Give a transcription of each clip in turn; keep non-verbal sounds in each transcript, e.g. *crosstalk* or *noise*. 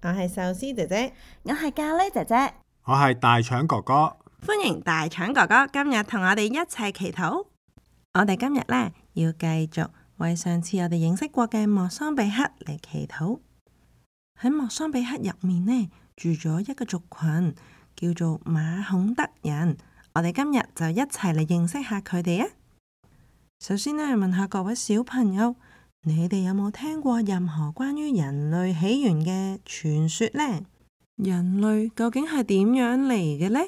我係壽司姐姐，我係咖喱姐姐，我係大腸哥哥。歡迎大腸哥哥，今日同我哋一齊祈禱。我哋今日呢，要繼續為上次我哋認識過嘅莫桑比克嚟祈禱。喺莫桑比克入面呢，住咗一個族群叫做馬孔德人，我哋今日就一齊嚟認識下佢哋啊。首先呢，問下各位小朋友。你哋有冇聽過任何關於人類起源嘅傳說呢？人類究竟係點樣嚟嘅呢？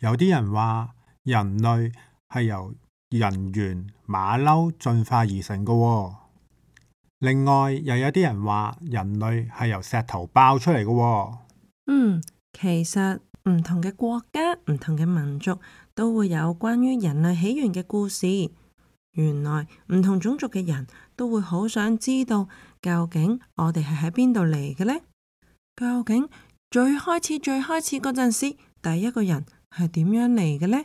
有啲人話人類係由人猿馬騮進化而成嘅喎。另外，又有啲人話人類係由石頭爆出嚟嘅喎。嗯，其實唔同嘅國家、唔同嘅民族都會有關於人類起源嘅故事。原來唔同種族嘅人都會好想知道，究竟我哋係喺邊度嚟嘅呢？究竟最開始、最開始嗰陣時，第一個人係點樣嚟嘅呢？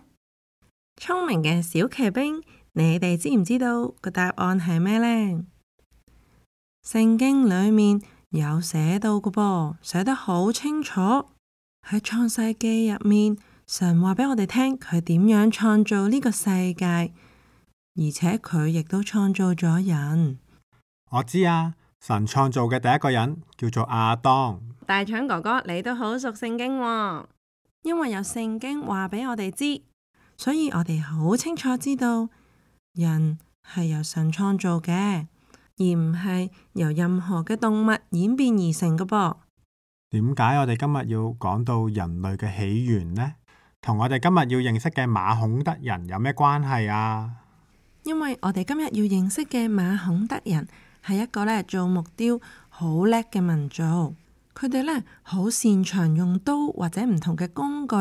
聰明嘅小騎兵，你哋知唔知道個答案係咩呢？聖經裏面有寫到嘅噃，寫得好清楚喺創世記入面，神話畀我哋聽佢點樣創造呢個世界。而且佢亦都創造咗人。我知啊，神創造嘅第一個人叫做亞當。大腸哥哥，你都好熟聖經喎，因為有聖經話俾我哋知，所以我哋好清楚知道人係由神創造嘅，而唔係由任何嘅動物演變而成嘅噃。點解我哋今日要講到人類嘅起源呢？同我哋今日要認識嘅馬孔德人有咩關係啊？因為我哋今日要認識嘅馬孔德人係一個咧做木雕好叻嘅民族，佢哋咧好擅長用刀或者唔同嘅工具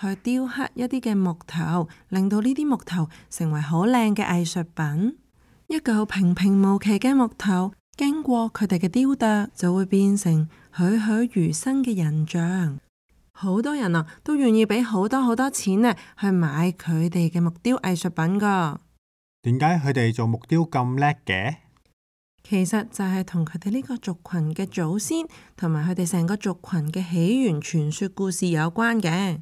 去雕刻一啲嘅木頭，令到呢啲木頭成為好靚嘅藝術品。一嚿平平無奇嘅木頭，經過佢哋嘅雕琢，就會變成栩栩如生嘅人像。好多人啊都願意俾好多好多錢咧去買佢哋嘅木雕藝術品㗎。點解佢哋做木雕咁叻嘅？其實就係同佢哋呢個族群嘅祖先，同埋佢哋成個族群嘅起源傳說故事有關嘅。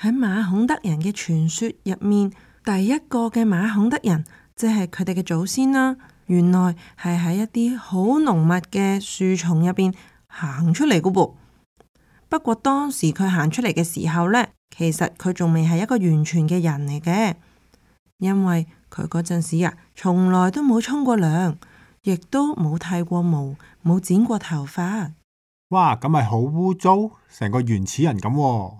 喺馬孔德人嘅傳說入面，第一個嘅馬孔德人即係佢哋嘅祖先啦。原來係喺一啲好濃密嘅樹叢入邊行出嚟㗎噃。不過當時佢行出嚟嘅時候呢，其實佢仲未係一個完全嘅人嚟嘅，因為。佢嗰陣時啊，從來都冇沖過涼，亦都冇剃過毛，冇剪過頭髮。哇，咁咪好污糟，成個原始人咁啊。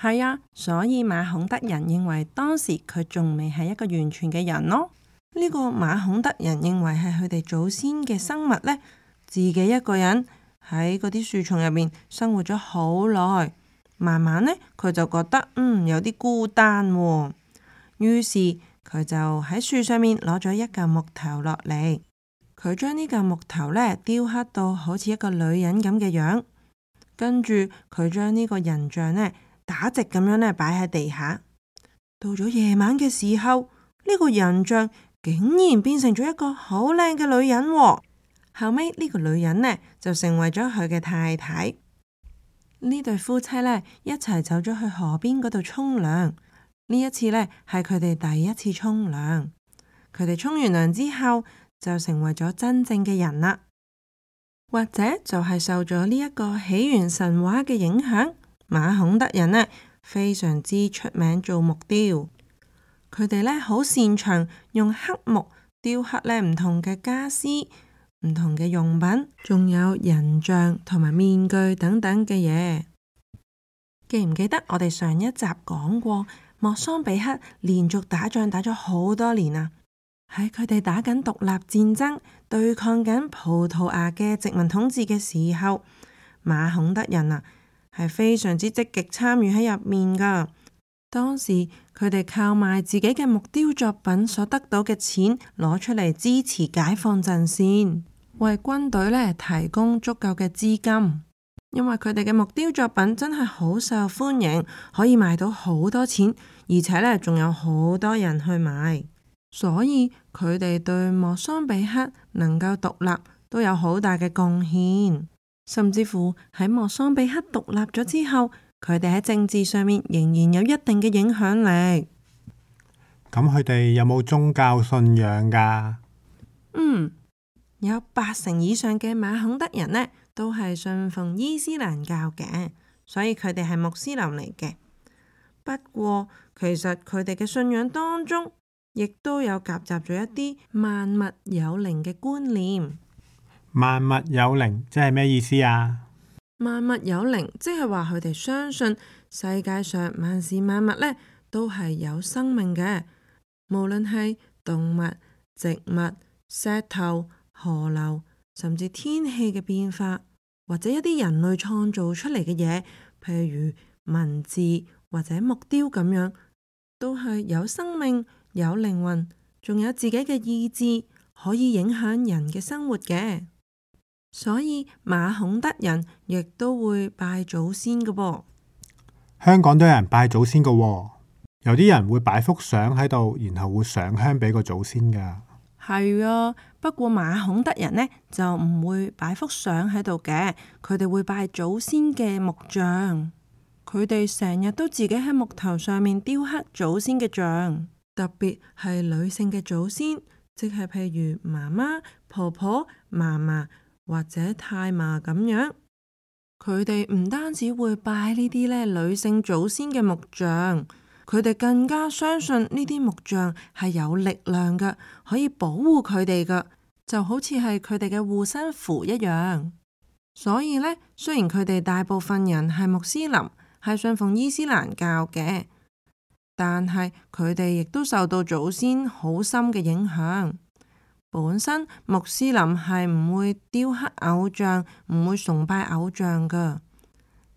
係啊，所以馬孔德人認為當時佢仲未係一個完全嘅人咯。呢個馬孔德人認為係佢哋祖先嘅生物呢，自己一個人喺嗰啲樹叢入面生活咗好耐，慢慢呢，佢就覺得嗯有啲孤單哦，於是，佢就喺樹上面攞咗一嚿木頭落嚟，佢將呢嚿木頭呢雕刻到好似一個女人咁嘅樣，跟住佢將呢個人像呢打直咁樣呢擺喺地下。到咗夜晚嘅時候，呢、這個人像竟然變成咗一個好靚嘅女人喎。後尾，呢個女人呢就成為咗佢嘅太太。呢 *laughs* 對夫妻呢，一齊走咗去河邊嗰度沖涼。呢一次呢係佢哋第一次沖涼。佢哋沖完涼之後，就成為咗真正嘅人啦。或者就係受咗呢一個起源神話嘅影響，馬孔德人呢，非常之出名做木雕。佢哋呢好擅長用黑木雕刻呢唔同嘅家私、唔同嘅用品，仲有人像同埋面具等等嘅嘢。記唔記得我哋上一集講過？莫桑比克連續打仗打咗好多年啊，喺佢哋打緊獨立戰爭，對抗緊葡萄牙嘅殖民統治嘅時候，馬孔德人啊係非常之積極參與喺入面噶。當時佢哋靠賣自己嘅木雕作品所得到嘅錢攞出嚟支持解放陣線，為軍隊呢提供足夠嘅資金。因為佢哋嘅木雕作品真係好受歡迎，可以賣到好多錢。而且呢仲有好多人去買，所以佢哋對莫桑比克能夠獨立都有好大嘅貢獻。甚至乎喺莫桑比克獨立咗之後，佢哋喺政治上面仍然有一定嘅影響力。咁佢哋有冇宗教信仰㗎？嗯，有八成以上嘅馬孔德人呢都係信奉伊斯蘭教嘅，所以佢哋係穆斯林嚟嘅。不過其實佢哋嘅信仰當中，亦都有夾雜咗一啲萬物有靈嘅觀念。萬物有靈即係咩意思啊？萬物有靈即係話佢哋相信世界上萬事萬物呢都係有生命嘅，無論係動物、植物、石頭、河流，甚至天氣嘅變化，或者一啲人類創造出嚟嘅嘢，譬如文字。或者木雕咁樣，都係有生命、有靈魂，仲有自己嘅意志，可以影響人嘅生活嘅。所以馬孔德人亦都會拜祖先嘅噃。香港都有人拜祖先嘅。哦，有啲人會擺幅相喺度，然後會上香俾個祖先噶。係啊，不過馬孔德人呢，就唔會擺幅相喺度嘅，佢哋會拜祖先嘅木像。佢哋成日都自己喺木頭上面雕刻祖先嘅像，特別係女性嘅祖先，即係譬如媽媽、婆婆、嫲嫲、或者太嫲咁樣。佢哋唔單止會拜呢啲呢女性祖先嘅木像，佢哋更加相信呢啲木像係有力量嘅，可以保護佢哋嘅，就好似係佢哋嘅護身符一樣。所以呢，雖然佢哋大部分人係穆斯林，係信奉伊斯蘭教嘅，但係佢哋亦都受到祖先好深嘅影響。本身穆斯林係唔會雕刻偶像，唔會崇拜偶像噶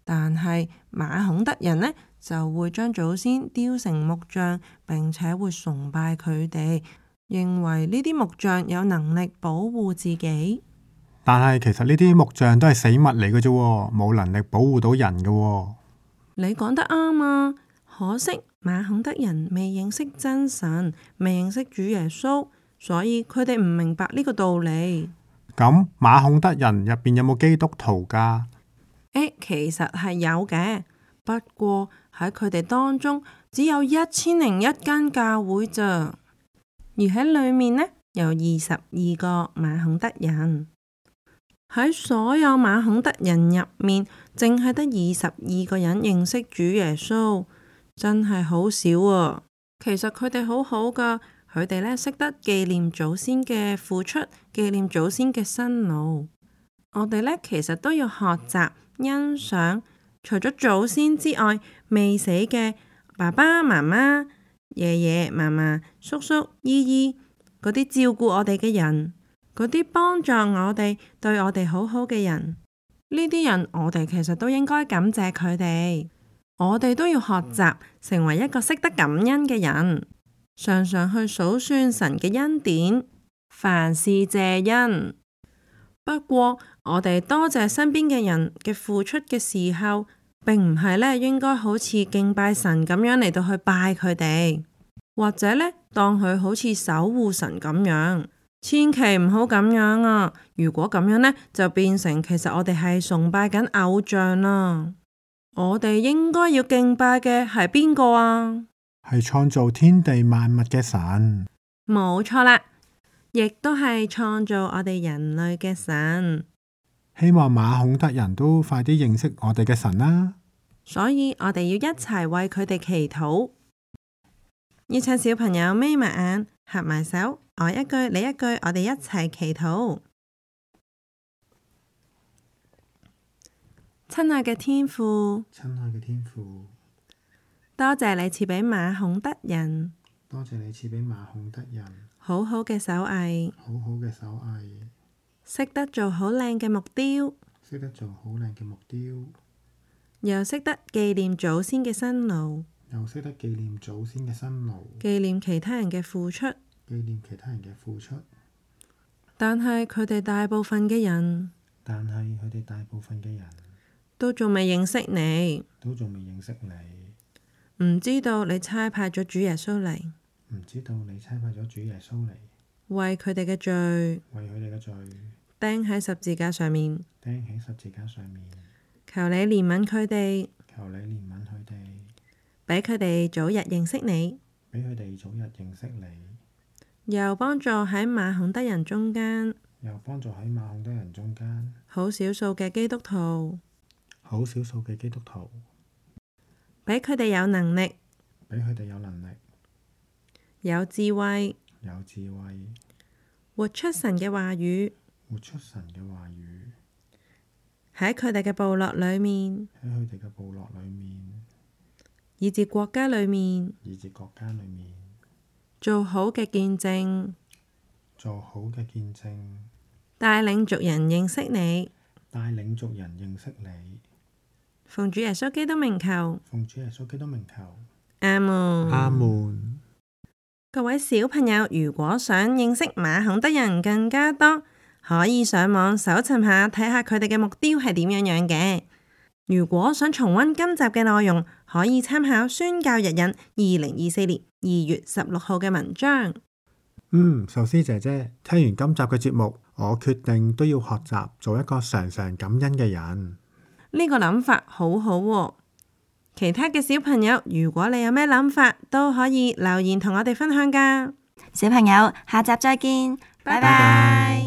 但係馬孔德人呢，就會將祖先雕成木像，並且會崇拜佢哋，認為呢啲木像有能力保護自己。但係其實呢啲木像都係死物嚟嘅，啫，冇能力保護到人嘅。你講得啱啊！可惜馬孔德人未認識真神，未認識主耶穌，所以佢哋唔明白呢個道理。咁、嗯、馬孔德人入邊有冇基督徒㗎？誒，其實係有嘅，不過喺佢哋當中只有一千零一間教會咋。而喺裏面呢，有二十二個馬孔德人。喺所有馬孔德人入面，淨係得二十二個人認識主耶穌，真係好少喎。其實佢哋好好噶，佢哋呢識得紀念祖先嘅付出，紀念祖先嘅辛勞。我哋呢其實都要學習欣賞，除咗祖先之外，未死嘅爸爸媽媽、爺爺嫲嫲、叔叔姨姨嗰啲照顧我哋嘅人。嗰啲幫助我哋對我哋好好嘅人，呢啲人我哋其實都應該感謝佢哋。我哋都要學習成為一個識得感恩嘅人，常常去數算神嘅恩典，凡事謝恩。不過我哋多謝身邊嘅人嘅付出嘅時候，並唔係咧應該好似敬拜神咁樣嚟到去拜佢哋，或者咧當佢好似守護神咁樣。千祈唔好咁樣啊！如果咁樣呢，就變成其實我哋係崇拜緊偶像啦。我哋應該要敬拜嘅係邊個啊？係創造天地萬物嘅神。冇錯啦，亦都係創造我哋人類嘅神。希望馬孔德人都快啲認識我哋嘅神啦。所以我哋要一齊為佢哋祈禱。要請小朋友眯埋眼、合埋手，我一句你一句，我哋一齊祈禱。親愛嘅天父，親愛嘅天父，多謝你賜畀馬孔德人，多謝你賜畀馬孔德人，好好嘅手藝，好好嘅手藝，識得做好靚嘅木雕，識得做好靚嘅木雕，又識得紀念祖先嘅辛勞，又識得紀念祖先嘅辛勞，紀念其他人嘅付出，紀念其他人嘅付出。但係佢哋大部分嘅人，但係佢哋大部分嘅人都仲未認識你，都仲未認識你，唔知道你差派咗主耶穌嚟，唔知道你差派咗主耶穌嚟，為佢哋嘅罪，為佢哋嘅罪，釘喺十字架上面，釘喺十字架上面，求你憐憫佢哋，求你憐憫佢哋。俾佢哋早日認識你，俾佢哋早日認識你，又幫助喺馬孔德人中間，又幫助喺馬孔德人中間，好少數嘅基督徒，好少數嘅基督徒，俾佢哋有能力，俾佢哋有能力，有智慧，有智慧，活出神嘅話語，活出神嘅話語，喺佢哋嘅部落裏面，喺佢哋嘅部落裏面，以至國家裏面，以至國家裏面，做好嘅見證，做好嘅見證，帶領族人認識你，帶領族人認識你，奉主耶穌基督名求，奉主耶穌基督名求，阿門，阿門。各位小朋友，如果想認識馬孔德人更加多，可以上網搜尋下，睇下佢哋嘅木雕係點樣樣嘅。如果想重溫今集嘅內容，可以參考《宣教日引》二零二四年二月十六號嘅文章。嗯，壽司姐姐聽完今集嘅節目，我決定都要學習做一個常常感恩嘅人。呢個諗法好好喎。其他嘅小朋友，如果你有咩諗法，都可以留言同我哋分享噶。小朋友，下集再見，拜拜 bye。Bye bye。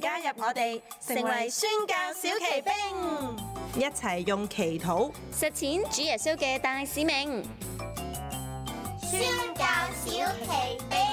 加入我哋，成為宣教小騎兵，一齊用祈禱實踐主耶穌嘅大使命。宣教小騎兵。